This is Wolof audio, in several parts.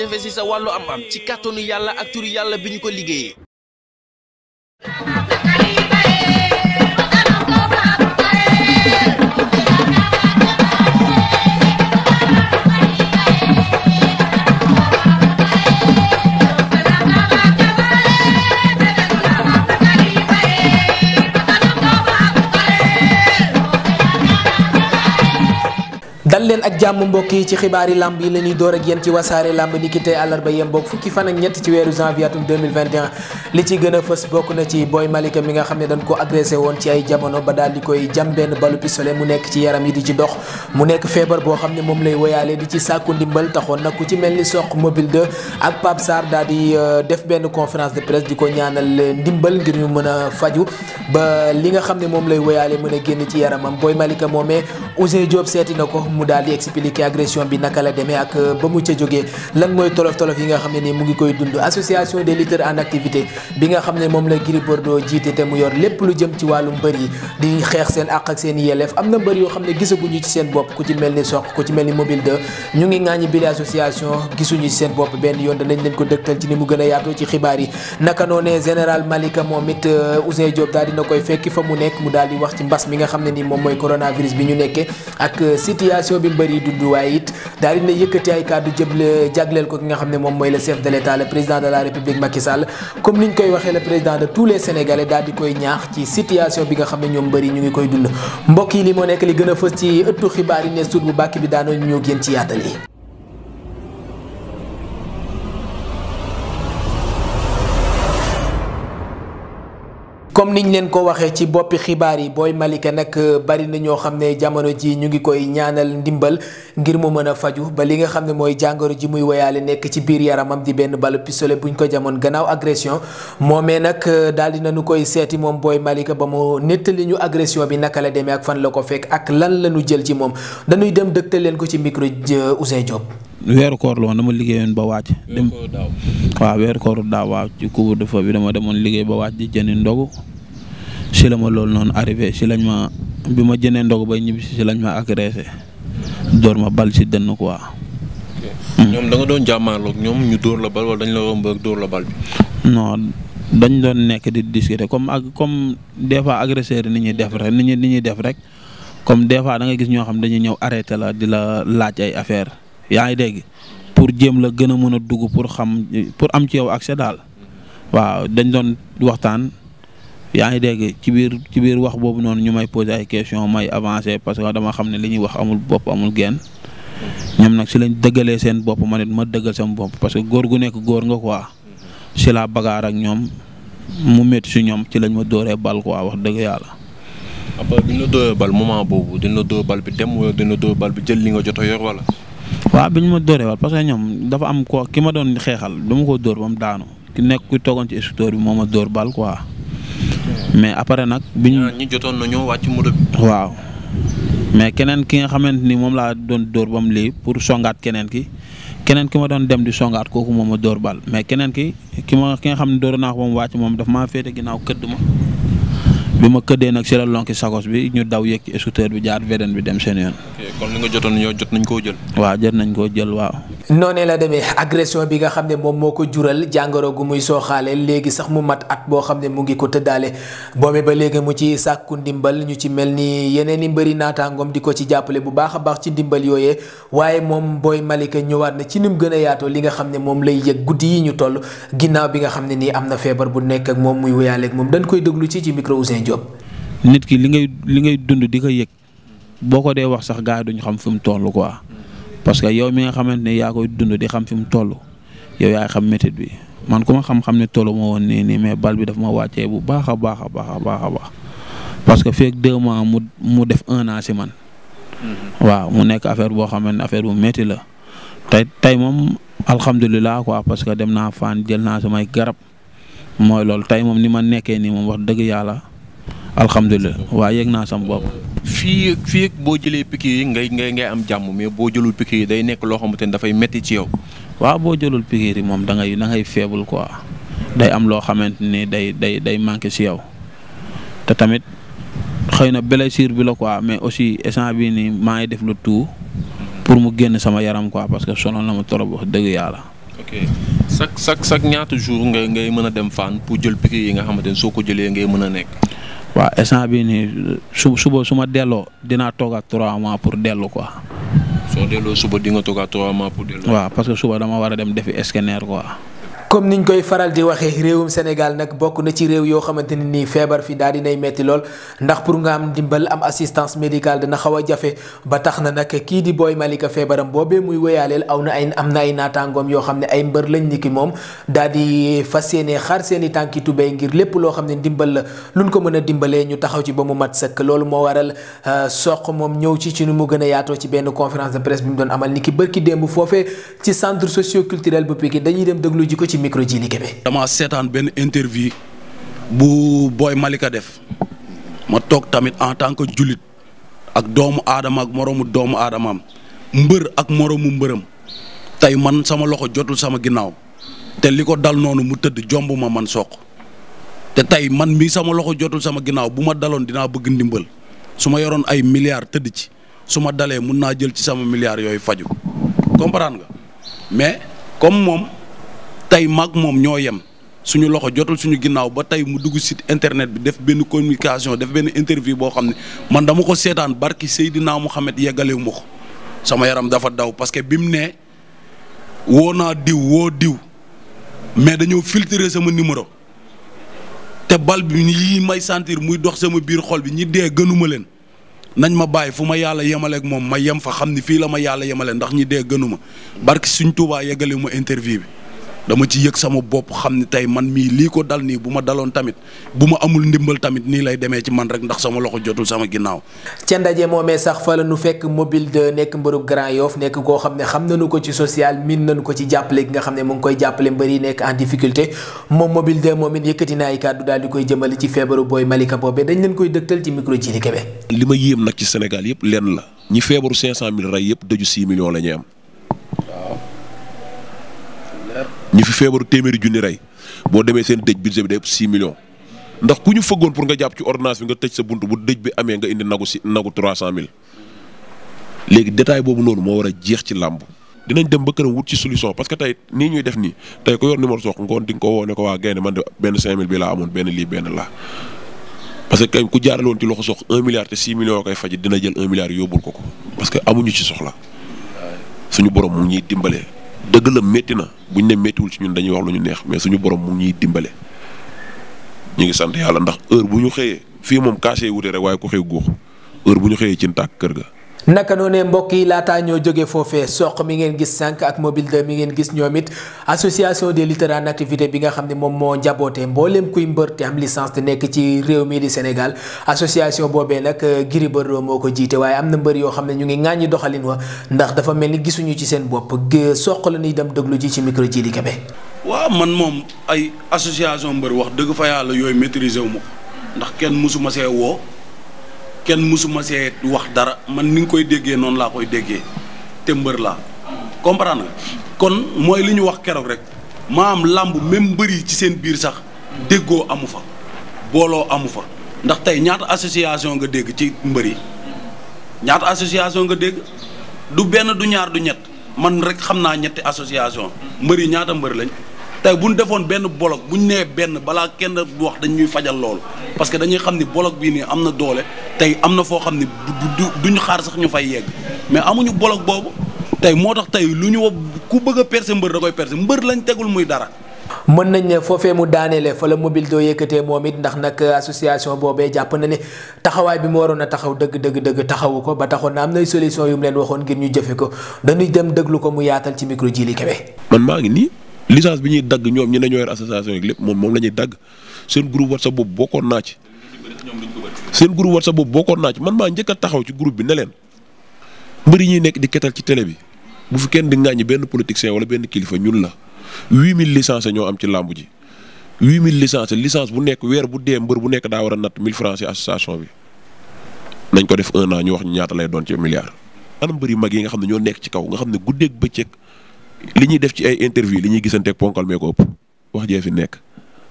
jafe-jafe si sa wàllu am am ci kàttanu yàlla ak turu yàlla bi ñu ko liggéeyee leen ak jàmm mbokk yi ci xibaari lamb yi la ñuy door li ci gën a fës bokk na ci Boy Malika mi nga xam ne dañ ko agressé woon ci ay jamono ba daal di koy jam benn balu pistolet mu nekk ci yaram yi di ci dox mu nekk feebar boo xam ne moom lay woyaale di ci sàkku ndimbal taxoon nag ku ci mel ni Sokh mobile 2 ak Pape Sarr di euh, def benn conférence de presse di ko ñaanal ndimbal ngir ñu mën a faju ba li nga xam ne moom lay woyaale mën a génn ci yaramam Boy Malika moomee Ousseyn Diop seeti na ko mu daal daal di expliquer agression bi naka la demee ak euh, ba mu ca jógee lan mooy tolof tolof yi nga xam ne nii moom na mbër yoo a yaatoo ci xibaar yi naka noonee général Malika moom it euh, Ousseyn Diop daal di wax ci mi nga xam ne nii moom mooy coronavirus bi ñu nekkee ak euh, situation bi mi mbër yi dund waaye it daal dina yëkkati ay kàddu le jagleel ko ki nga xam ne moom mooy le chef de l'État le président de la République Macky Sall comme niñ koy waxee le président de tous les Sénégalais di koy ñaax ci situation bi nga xam ne ñoom mbër ñu ngi koy dund mbokk yi li moo nekk li gën a fës ci ëttu xibaar yi ne suut bu bàkk bi daanoo ñëw génn ci yaatal yi comme niñ leen ko waxee ci boppi xibaar yi booy Malika nag euh, bari na ñoo xam ne jamono ji ñu ngi koy ñaanal ndimbal ngir mu mën a faju ba li nga xam ne mooy jàngoro ji muy woyaale nekk ci biir yaramam di benn balu pistolet buñ ko jamoon gannaaw agression moomee nag euh, daal di nañu koy seeti moom booy Malika ba mu nettali ñu agression bi naka la demee ak fan la ko fekk ak lan la ñu jël ci moom dañuy dem dëgtal leen ko ci micro euh, Ousseyn Diop. weeru koor la woon dama liggéeyoon ba waaj. dem waaw weeru bi dama demoon liggéey ba waaj di jëndi ndogu si la ma loolu noonu arrivé si lañ ma bi ma jënee ndogu bay ñibbisi si lañ ma agressé door ma bal si dënn quoi. ñoom da nga doon jàmmaarloog ñoom ñu dóor la bal wala dañ la romb ak dañ doon nekk di discuter comme ak comme des fois agresseur ni ñuy def rek ni ñuy ni ñuy def rek comme des fois da nga gis ñoo xam dañuy ñëw arrêté la di la laaj ay affaire yaa ngi dégg pour jéem la gën a mën a dugg pour xam pour am ci yow ak daal waaw dañ doon waxtaan yaa ngi dégg ci biir ci biir wax boobu noonu ñu may poser ay question may avancé parce que dama xam ne li ñuy wax amul bopp amul genn ñoom nag si lañ dëggalee seen bopp ma nit ma dëggal seen bopp parce que góor gu nekk góor nga quoi si laa bagaar ak ñoom mu métti si ñoom ci lañ ma dóoree bal quoi wax dëgg yàlla. après bi ñu la dóoree bal moment boobu dina la dóor bal bi dem wala dina bal jël li nga jot yor wala. waaw bi ñu ma dóoree waat parce que ñoom dafa am ko ki ma doon xeexal dama ko dóor ba mu daanu ki nekk ku toogoon ci instructeur bi moom ma dóor bal quoi. mais après nag. bi ñu jotoon na ñoo wàcc moto bi. waaw mais keneen ki nga xamante ni moom laa doon dóor ba mu lii pour songaat keneen ki keneen ki ma doon dem di songaat kooku moom ma dóor bal mais keneen ki ki ma ki nga xam ne door naa ko ba wàcc moom daf maa féete ginnaaw këddu ma. bi ma këddee nag si la lonki sakos bi ñu daw yëg ci scooter bi jaar veden bi dem seen yoon. kon li nga jotoon yow jot nañ koo jël. waa jot nañ koo jël waaw. noonee la demee agression bi nga xam ne moom moo ko jural jàngoro gu muy sooxaale léegi sax mu mat at boo xam ne mu ngi ko tëddaale boobee ba léegi mu ci sàkku ndimbal ñu ci mel ni yeneen i mbari naataangoom di ko ci jàppale bu baax a baax ci ndimbal yooyee waaye moom Boy Malika ñëwaat na ci ni mu gën yaatoo li nga xam ne moom lay yëg guddi yi ñu toll ginnaaw bi nga xam ne nii am na feebar bu nekk ak moom muy wéyaaleeg moom dañ koy déglu ci ci micro Ousin Diop. nit ki li ngay li ngay dund di ko yëg boo ko dee wax sax gaa duñ xam fi mu toll quoi. parce que yow mi nga xamante ne yaa koy dund di xam fi mu toll yow yaay xam métit bi man ku ma xam-xam ne tollu ma woon nii nii mais bal bi daf ma wàccee bu baax a baax a baax baax a baax parce que feeg deux mois mu mu def un si man. Mm-hmm. waaw mu nekk affaire boo xamante ne affaire bu métti la tey tey moom alhamdulilah quoi parce que dem naa faan jël naa samay garab mooy loolu tey moom ni ma nekkee nii moom wax dëgg yàlla alhamdulilah waa yëg naa sama bopp. fii fii boo jëlee piqûre yi ngay ngay ngay am jàmm mais boo jëlul piqûre yi day nekk loo xamante ni dafay metti ci yow. waaw boo jëlul piqûre yi moom dangay ngay da ngay faible day am loo xamante ni day day day manqué si yow te tamit xëy na blessure bi la quoi mais aussi instant bii nii maa ngi def lu tout pour mu génn sama yaram quoi parce que sonal na ma torop wax dëgg yàlla. ok chaque chaque ñaata jour ngay ngay mën a dem fan pour jël piqûre yi nga xamante ni soo ko jëlee ngay mën a nekk. waaw instant bii nii su suba su delloo dinaa toog ak trois mois pour dellu quoi. soo delloo suba di nga toog ak trois mois pour dellu. waaw parce que suba dama war a dem defi scanner quoi. comme niñ koy faral di waxee réewum Sénégal nag bokk na ci réew yoo xamante ne nii feebar fi daal dinay metti lool ndax pour nga am ndimbal am assistance médicale dana xaw a jafe ba tax na nag kii di Boy Malika feebaram boobee muy wéyaaleel aw na ay am na ay naataangoom yoo xam ne ay mbër lañ ni ki moom daal di fas yéene xar seeni i tànki tubéy ngir lépp loo xam ne ndimbal la luñ ko mën a dimbalee ñu taxaw ci ba mu mat sëkk loolu moo waral euh, soq moom ñëw ci ci nu mu gën a yaatoo ci benn conférence de presse doon amal niki bërki démb foofee ci centre socio culturel bu dañuy dem déglu ji ko ci micro Djily Kébé. dama seetaan benn interview bu Boy Malika def ma toog tamit en tant que jullit ak doomu aadama ak moroomu doomu aadamaam mbër ak moroomu mbërëm tey man sama loxo jotul sama ginnaaw te li ko dal noonu mu tëdd jomb ma man soq te tey man mii sama loxo jotul sama ginnaaw bu ma daloon dinaa bëgg ndimbal su ma yoroon ay milliards tëdd ci su ma dalee mun naa jël ci sama milliards yooyu faju comprendre nga mais comme moom tey mag moom ñoo yem suñu loxo jotul suñu ginnaaw ba tey mu dugg site internet bi def benn communication def benn interview boo xam ne man dama ko seetaan barki Seydina naa yeggalewu ma ko sama yaram dafa daw parce que bi mu nee woo naa diw woo diw mais dañoo filtrer sama numéro te bal bi yii may sentir muy dox sama biir xol bi ñi dee gënuma leen nañ ma bàyyi fu ma yàlla yemaleeg moom ma yem fa xam ni fii la ma yàlla yemale ndax ñi dee gënuma barki suñ Tuubaa yeggalewu ma interview bi dama ci yëg sama bopp xam ne tey man mii lii ko dal nii bu ma daloon tamit bu ma amul ndimbal tamit nii lay demee ci man rek ndax sama loxo jotul sama ginnaaw. ca ndaje moomee sax fa nu fekk mobile nekk mbëru Grand Yoff nekk koo xam ne xam nañu ko ci social min nañu ko ci jàppale gi nga xam ne mu ngi jàppale mbër yi nekk en difficulté moom mobile de moom it yëkkati na ay kàddu daal di koy jëmal ci feebaru booy Malika boobee dañ leen koy dëgtal ci micro ji li li ma yéem nag ci Sénégal yëpp lenn la ñi feebaru 500000 rey yëpp dëju 6 millions la ñuy am ñi fi feebaru téeméeri junni rey boo demee seen dëj budget bi day ëpp millions ndax ku ñu fëggoon pour nga jàpp ci ordonnance bi nga tëj sa bunt bu dëj bi amee nga indi nagu si nagu 300000 léegi détail boobu noonu moo war a jeex ci làmb dinañ dem ba këram wut ci solution parce que tey nii ñuy def nii tey ko yor numéro sox ngoon di nga ko woo ne ko waa gaynde man de benn 5000 bi laa amoon benn lii benn laa. parce que ku jaarale woon ci loxo sox 1 milliard te 6 millions koy faj dina jël 1 milliard yóbbul ko ko parce que amuñu ci soxla suñu borom mu ñuy dimbalee. dëgg la métti na bu buñ ne méttiwul ci ñun dañuy wax lu ñu neex mais suñu borom mu ñuy dimbale ñu ngi sant yàlla ndax heure bu ñu xëyee fii moom kaase yi wute rek waaye ko xëy guux heure bu ñu xëyee cin ntaak kër ga naka noonee mbokk yi laataa ñoo jóge foofee soq mi ngeen gis sànq ak mobile 2 mi ngeen gis ñoom it association des lutteurs en bi nga xam ne moom moo njabootee mbooleem kuy mbër te am licence te nekk ci réew mii di Sénégal association boobee nag euh, Gris Bordeaux moo ko jiite waaye am na mbër yoo xam ne ñu ngi ŋàññi doxalin wa ndax dafa mel ni gisuñu ci seen bopp soq la ñuy dem déglu ji ci micro ji di Kébé. waaw man moom ay association mbër wax dëgg fa yooyu maîtriser wu ma ndax kenn mësuma see woo. kenn mësuma see wax dara man ni nga koy déggee noonu laa koy déggee te mbër laa comprendre nga kon mooy li ñu wax keroog rek maam làmb même mbër yi ci seen biir sax déggoo amu fa booloo amu fa ndax tey ñaata association nga dégg ci mbër yi ñaata association nga dégg du benn du ñaar du ñett man rek xam naa ñetti association mbër yi ñaata mbër lañ tey bu ñu defoon benn bolog bu ñu nee benn balaa kenn wax dañuy fajal loolu parce que dañuy xam ni bolog bii nii am na doole tey am na foo xam ni du duñ xaar sax ñu fay yegg mais amuñu bolog boobu tey moo tax tey lu ñu ku bëgg a percer mbër da koy percer mbër lañ tegul muy dara. mën nañ ne foofee mu daaneele fa la mobile doo yëkkatee moom it ndax nag association boobee jàpp na ne taxawaay bi mu waroon a taxaw dëgg dëgg dëgg taxawu ko ba taxoon na am nay solution leen waxoon ngir ñu jëfe ko dañuy dem déglu ko mu yaatal ci micro ji li nii licence bi ñuy dagg ñoom ñu ne ñoo yor association yi lépp moom moom la ñuy dagg seen groupe WhatsApp boobu bokkoon naa ci. seen groupe WhatsApp boobu bokkoon naa ci man maa njëkk a taxaw ci groupe bi ne leen mbër yi ñuy nekk di ketal ci télé bi bu fi kenn di ŋàññi benn politicien wala benn kilifa ñun la 8000 licences ñoo am ci làmb ji. 8000 licences licence bu nekk weer bu dee mbër bu nekk daa war a natt 1000 francs ci association bi nañ ko def un ñu wax ñaata lay doon ci milliard. maanaam mbër yu mag yi nga xam ne ñoo nekk ci kaw nga xam ne guddeeg bëccëg. li ñuy def ci ay interview li ñuy gisanteeg ponkal mee ko ëpp wax jee fi nekk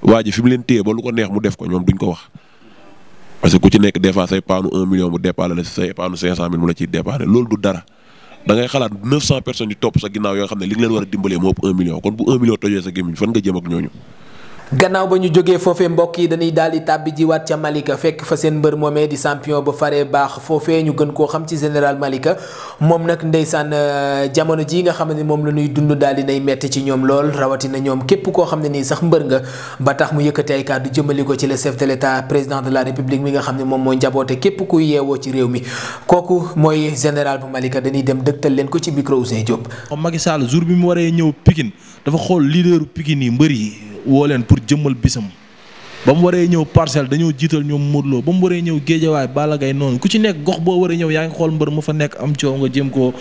waa fi mu leen téye ba lu ko neex mu def ko ñoom duñ ko wax. parce que ku ci nekk des fois say paanu un million mu dépanne la say paanu cinq cent mille mu la ciy dépanne loolu du dara da xalaat neuf cent personnes yu topp sa ginnaaw yoo xam ne li nga leen war a dimbalee moo ëpp un million kon bu un million tojee sa gémmiñ fan nga jëm ak ñooñu. gannaaw ba ñu jógee foofee mbokk yi dañuy daal di tàbbi jiwaat ca Malika fekk fa seen mbër moomee di champion ba faree baax foofee ñu gën koo xam ci général Malika moom nag ndeysaan euh, jamono ji nga xam ne moom la ñuy dund daal di nay metti ci ñoom lool rawatina ñoom képp koo xam ne nii sax mbër nga ba tax mu yëkkati ay kàddu jëmali ko ci le chef de l'État président de la République mi nga xam ne moom mooy njaboote képp kuy yeewoo ci réew mi kooku mooy général bu Malika dañuy dem dëgtal leen ko ci micro Ousseyn Diop. Macky Sall jour bi mu waree ñëw Pikine dafa xool leaderu Pikine yi mbër yi woo leen pour jëmmal bisam ba mu waree ñëw parcelle dañoo jiital ñoom Modou Lo ba mu waree ñëw géejawaay Balla Gaye noonu ku ci nekk gox boo waree ñëw yaa ngi xool mbër mu fa nekk am coow nga jëm koo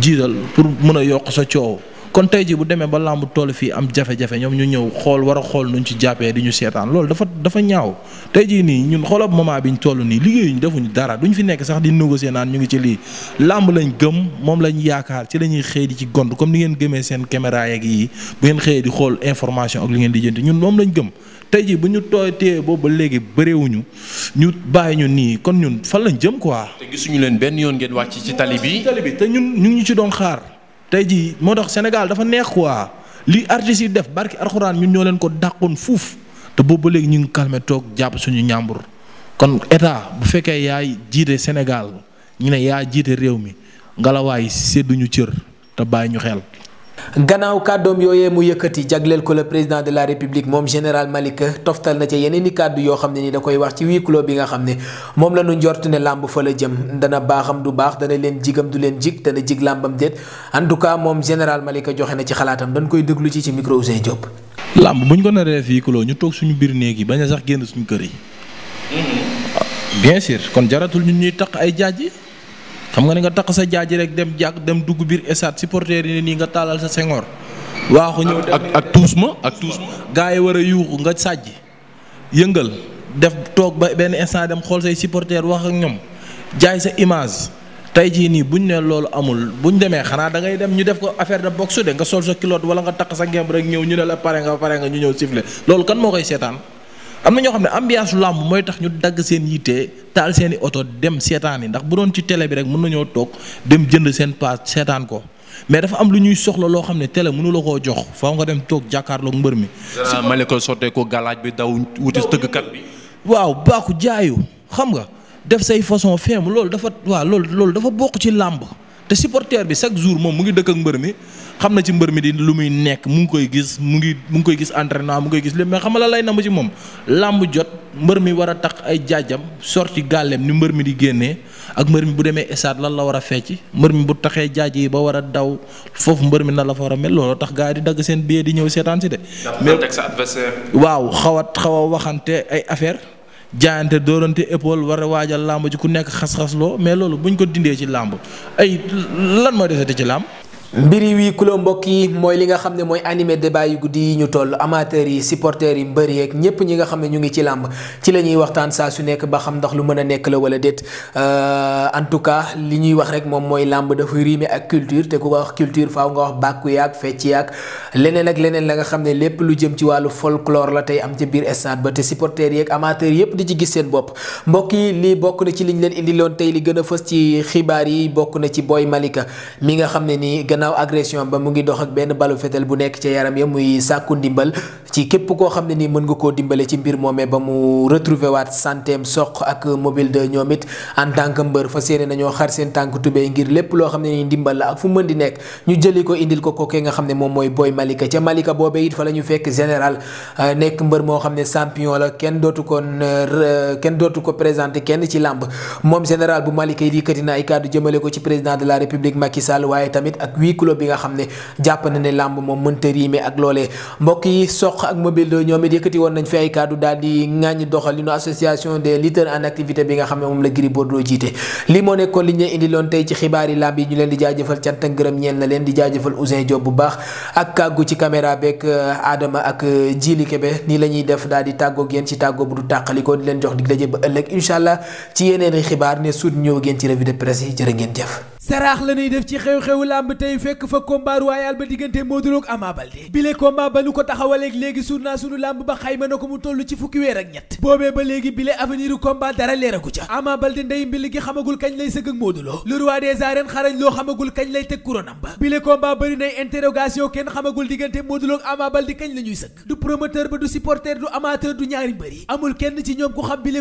jiital pour mën a yokk sa coow kon tey jii bu demee ba làmb toll fii am jafe-jafe ñoom ñu ñëw xool war a xool nuñ ci jàppee di ñu seetaan loolu dafa dafa ñaaw tey jii nii ñun xoolal moment biñ toll nii liggéeyuñ defuñu dara duñ fi nekk sax di négocier naan ñu ngi ci lii làmb lañ gëm moom lañ yaakaar ci lañuy ñuy di ci gond comme ni ngeen gëmee seen caméra yeeg yi bu ngeen xëyee di xool information ak li ngeen di jënd ñun moom lañu gëm tey jii bu ñu tooy téye boobu ba léegi bëreewuñu ñu bàyyi ñu nii kon ñun fan lañ jëm quoi. te leen benn yoon ngeen wàcc ci tali bi. tali bi te ñun ñu ngi ñu ci doon xaar tey jii moo tax Sénégal dafa neex quoi li artistes yi def barki arxuraan ñun ñoo leen ko dàqoon fuuf te boobu ba léegi ñu ngi calmé toog jàpp suñu ñàmbur kon état bu fekkee yaay jiite Sénégal ñu ne yaa jiite réew mi ngalawaay sédduñu cër te bàyyi ñu xel. gannaaw kàddoom yooyee mu yëkkati jagleel ko le président de la république moom général Malick toftal na ca yeneen i kàddu yoo xam ne ni da koy wax ci huis clos bi nga xam ne moom la ñu njort ne làmb fa la jëm dana baaxam du baax dana leen jigam du leen jig dana jig làmbam déet en tout cas moom général Malick joxe na ci xalaatam dañ koy déglu ci ci micro Ousseyn Diop. làmb bu ñu ko naree huis clos ñu toog suñu biir néeg yi bañ a sax génn suñu kër yi. Mhm. Ah, bien sûr kon jaratul ñun ay jaaj xam nga ne nga takk sa jaaji rek dem jàkk dem dugg biir estade supporter yi ne nii nga tàllal sa sengoor waaxu ñëw ak ak tuus ma ak tuus ma gaa yi war a yuuxu nga sàjj yëngal def toog ba benn instant dem xool say supporter wax ak ñoom jaay sa image tey jii nii bu ñu nee loolu amul ñu demee xanaa da ngay dem ñu def ko affaire de boxe de nga sol sa culotte wala nga takk sa ngemb rek ñëw ñu ne la pare nga pare nga ñu ñëw siffler loolu kan moo koy seetaan am na ñoo xam ne ambiance làmb mooy tax ñu dagg seen yitte taal seeni oto dem seetaan yi ndax bu doon ci télé bi rek mën nañoo toog dem jënd seen paas seetaan ko mais dafa am lu ñuy soxla loo xam ne télé mënu koo jox faaw nga dem toog jàkkaarlook mbër mi. ma ne ko sottee ko galaaj bi daw wuti kat bi. waaw baaku jaayu xam nga def say façon feem loolu dafa waaw loolu loolu dafa bokk ci làmb. te supporter bi chaque jour moom mu ngi dëkk ak mbër mi xam na ci mbër mi di lu muy nekk mu ngi koy gis mu ngi mu ngi koy gis entraînement mu ngi koy gis lépp mais xam nga la lay namb ci moom làmb jot mbër mi war a tax ay jaajam sorti gàllem ni mbër mi di génnee ak mbër mi bu demee estade lan la war a fecc mbër mi bu taxee jaaj yi ba war a daw foofu mbër mi na la fa war a mel looloo tax gars yi di dagg seen biir di ñëw seetaan si de. mais waaw xaw a xaw a waxante ay affaire jaayante dóorante épaule war a waajal làmb ji ku nekk xas-xasloo mais loolu bu buñ ko dindee ci làmb ay lan moo desate ci làmb mbiri wii kuloo mbokk yi mooy li nga xam ne mooy animé de bàyyi guddi yi ñu toll amateurs yi supporters yi mbëri yeeg ñépp ñi nga xam ne ñu ngi ci làmb ci la ñuy waxtaan saa su nekk ba xam ndax lu mën a nekk la wala déet euh, en tout cas li ñuy wax rek moom mooy làmb dafa riime ak culture te ku ko wax culture faaw nga wax bàkku yaag fecc yaag leneen ak leneen la nga xam ne lépp lu jëm ci wàllu folklore la tey am ca biir stade ba te supporters yeeg amateurs yépp di ci gis seen bopp mbokk yi lii bokk na ci liñ leen indiloon tey li gën a fës ci xibaar yi bokk na ci Boy Malika gannaaw agression ba mu ngi dox ak benn balu fetal bu nekk ca yaram ya muy sàkku ndimbal ci képp koo xam ne ni mën nga koo dimbale ci mbir moomee ba mu retrouver waat santeem soq ak mobile de ñoom it en tant que mbër fas yéene nañoo xar seen tànk tubéy ngir lépp loo xam ne ni ndimbal ak fu mën di nekk ñu jëli ko indil ko kookee nga xam ne moom mooy booy Malika ca Malika boobee it fa la ñu fekk général euh, nekk mbër moo xam ne champion la kenn dootu ko euh, kenn dootu ko présenté kenn ci làmb moom général bu Malika yi yëkkati na ay kàddu jëmale ko ci président de la république Macky Sall waaye tamit ak huis bi nga xam ne jàpp na ne làmb moom mënta riime ak loole mbokk yi soq ak mobile de ñoom it woon nañ fi ay daal di ŋàññi doxalinu association des lutteurs en activité bi nga xam ne moom la Gris Bordeaux jiite li moo nekkoon li ñu indi loon tey ci xibaari làmb yi leen di jaajëfal cant ak ngërëm ñeel na leen di jaajëfal Ousin Diop bu baax ak kàggu ci caméra beeg euh, Adama ak euh, Jili Kebe nii la ñuy def daal di tàggoog yéen ci tàggoo bu du tàqalikoo di leen jox di daje ba ëllëg incha allah ci yeneen xibaar ne suut ñëw gen ci revue de presse yi jërë ngeen jëf saraax la ñuy def ci xew-xewu làmb tey fekk fa combat royal ba diggante Modou Lo ak Ama bile combat ba nu ko taxawaleeg léegi suur naa sunu làmb ba xayma na ko mu toll ci fukki weer ak ñett boobee ba léegi bile avenir u combat dara leeragu ca Ama Baldé ndey mbili gi xamagul kañ lay sëgg ak Modou Lo le roi des arènes xarañ loo xamagul kañ lay teg couronam ba bile combat bari nay interrogation kenn xamagul diggante Modou Lo ak Ama Baldé kañ la ñuy sëgg du ba du supporter du amateur du amul kenn ci ñoom ku xam bile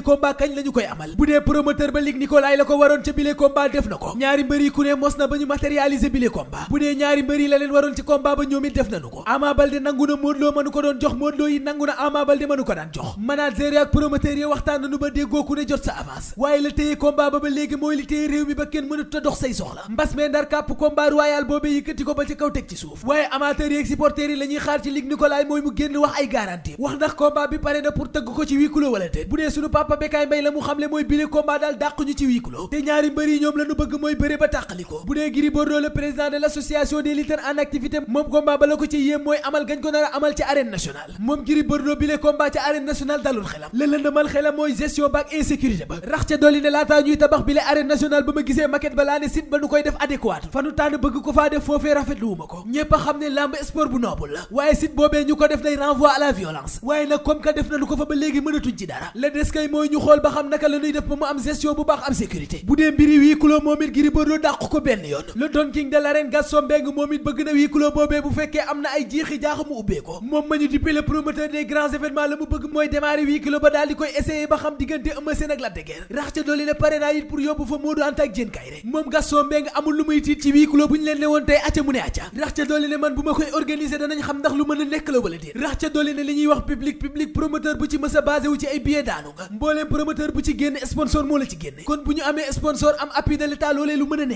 la ñu koy amal bu dee promoteur ba Luc Nicolaï la ko waroon def na ko ñaari mbëri ku ne mos na ba ñu matérialiser bi le ñaari mbër yi la leen waroon ci combat ba doon jox Modou Lo yi nangu na Ama Baldé mënu ba déggoo ku ne jot sa avance waaye ba ba léegi mooy li téye réew mi ba kenn a dox say soxla mbas mee ndar kàpp combat royal boobee yëkkati ko ba ci kaw teg ci suuf waaye amateurs yi ak supporters yi la ñuy xaar ci Luc Nicolaï mooy mu génn wax ay garantie wax ndax combat bi pare na pour tëgg ko ci huis clos wala déet bu dee suñu papa Bécaye Mbaye la mu xamle mooy bile combat daal dàqu ñu ci huis clos te ñaari mbër ñoom la bëgg mooy bëre ba tax tàqalikoo bu dee Gris Bordeaux le président de l'association des lutteurs en activité moom combat ba la ko ci yéem mooy amal gañ ko nar a amal ci arène nationale moom Gris Bordeaux bi le combat ci arène nationale dalul xelam la lëndëmal xelam mooy gestion ba ak insécurité ba rax ca dolli ne laataa ñuy tabax bi le arène nationale ba ma gisee maquette ba laa ne site ba nu koy def adéquate fanu tànn bëgg ko faa def foofee rafetlu wu ma ko ñépp a xam ne lamb sport bu noble la waaye site boobee ñu ko def day renvoi à la violence waaye nag comme que def nañu ko fa ba léegi mënatuñ ci dara la des kay mooy ñu xool ba xam naka la ñuy def ba mu am gestion bu baax am sécurité bu dee mbiri wii kuloo moom it Gris Bordeaux yàqu ko benn yoon le Don King de l'arène Gaston Mbengue moom it bëgg na huis boobee bu fekkee am na ay jiixi jaaxa mu ubbee ko moom ma ñu dippee le promoteur des grands événements la mu bëgg mooy démarrer huis ba daal di koy essayer ba xam diggante Eumeu Sène de Guiers rax ca dooli ne pare naa it pour yóbbu fa Modou Anta ak Diène Kaïré moom Gaston Mbengue amul lu muy tiit ci huis bu ñu leen ne woon tey acca mu ne acca rax ca dooli ne man bu ma koy organiser a nekk la wala déet rax a basé wu ci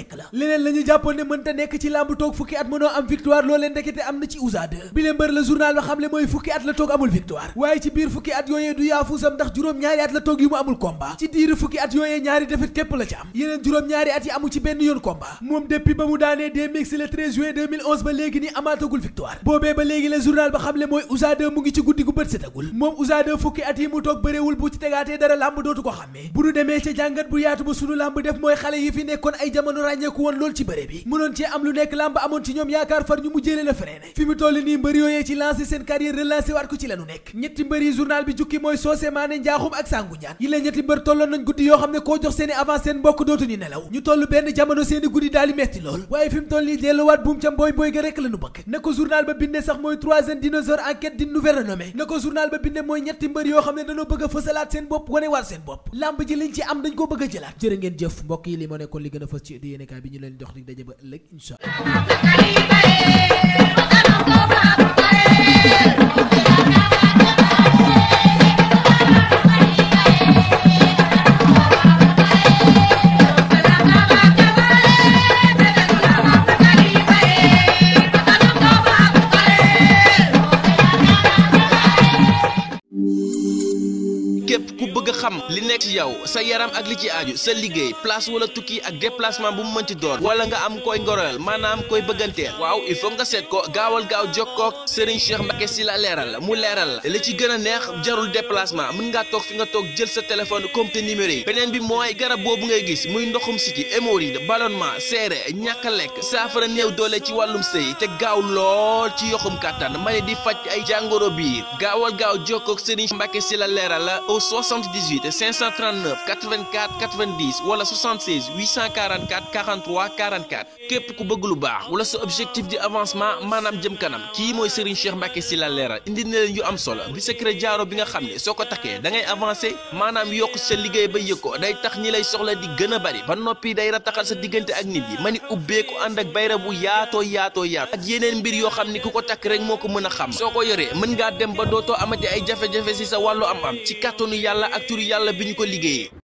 nekk la leneen la jàppoon ne mënta nekk ci làmb toog fukki at mënoo am victoire loolee ndekete am na ci Ouza 2 bi la journal ba xamle mooy fukki mu ngi ci guddi gu bët setagul moom Ouza fukki at yi mu toog bëreewul bu ci tegaatee dara làmb dootu ko xàmmee bu nu demee ca jàngat bu yaatu ba sunu làmb def mooy xale yi fi nekkoon ay jamono ràññeeku woon lool ci bëre bi mënoon cee am lu nekk làmb amoon ci ñoom yaakaar fi mu toll nii mbër yooyee ci lancé seen carrière relancé waat ko ci lanu nekk ñetti mbër yi yi la ñetti mbër yoo xam ne koo jox seeni avance seen mbokk dootuñu nelaw ñu toll benn jamono seeni guddi daal di metti lool waaye fi mu toll nii delluwaat buum ca mbooy mbooy ga rekk lanu yoo xam ne dañoo bëgg a fësalaat seen bopp wane waat ngeen jëf mbokk yi li li gën a yéenekaay bi ñu leen jox dig daje ba ëllëg incha li nekk ci yow sa yaram ak li ci aaju sa liggéey place wala tukki ak déplacement bu mu mënti doon wala nga am koy ngoroyal maanaam koy bëgganteel waaw il faut nga seet ko gaawal gaaw jokkoo ak Serigne Cheikh si la leeral la mu leeral la li ci gën a neex jarul déplacement mën ngaa toog fi nga toog jël sa téléphone compte numéro yi beneen bi mooy garab boobu ngay gis muy ndoxum si ci hémorroïde ballonnement seere ñakk a lekk saafara néew doole ci wàllum sëy te gaaw lool ci yoxum kàttan ma di faj ay jàngoro gaaw jokkoo ak Serigne Mbacke si la leeral 239 84 90 wala 76 844 43 44. képp ku bëgg lu baax wala sa objectif di avancement maanaam jëm kanam kii mooy Serigne Cheikh Mbacke si la leeral indi na leen yu am solo bi secret jaaro bi nga xam ne soo ko takkee da ngay avancé maanaam yokk sa liggéey ba yëg ko day tax ñi lay soxla di gën a bari ba noppi day rataxal sa diggante ak nit yi ma ni ubbee ko ànd ak bayra bu yaatoo yaatoo yaatoo ak yeneen mbir yoo xam ne ku ko takk rek moo ko mën a xam soo ko yoree mën ngaa dem ba dootoo amati ay jafe si sa wàllu am-am ci kàttanu yàlla ak yàlla bi ñu ko liggéeyee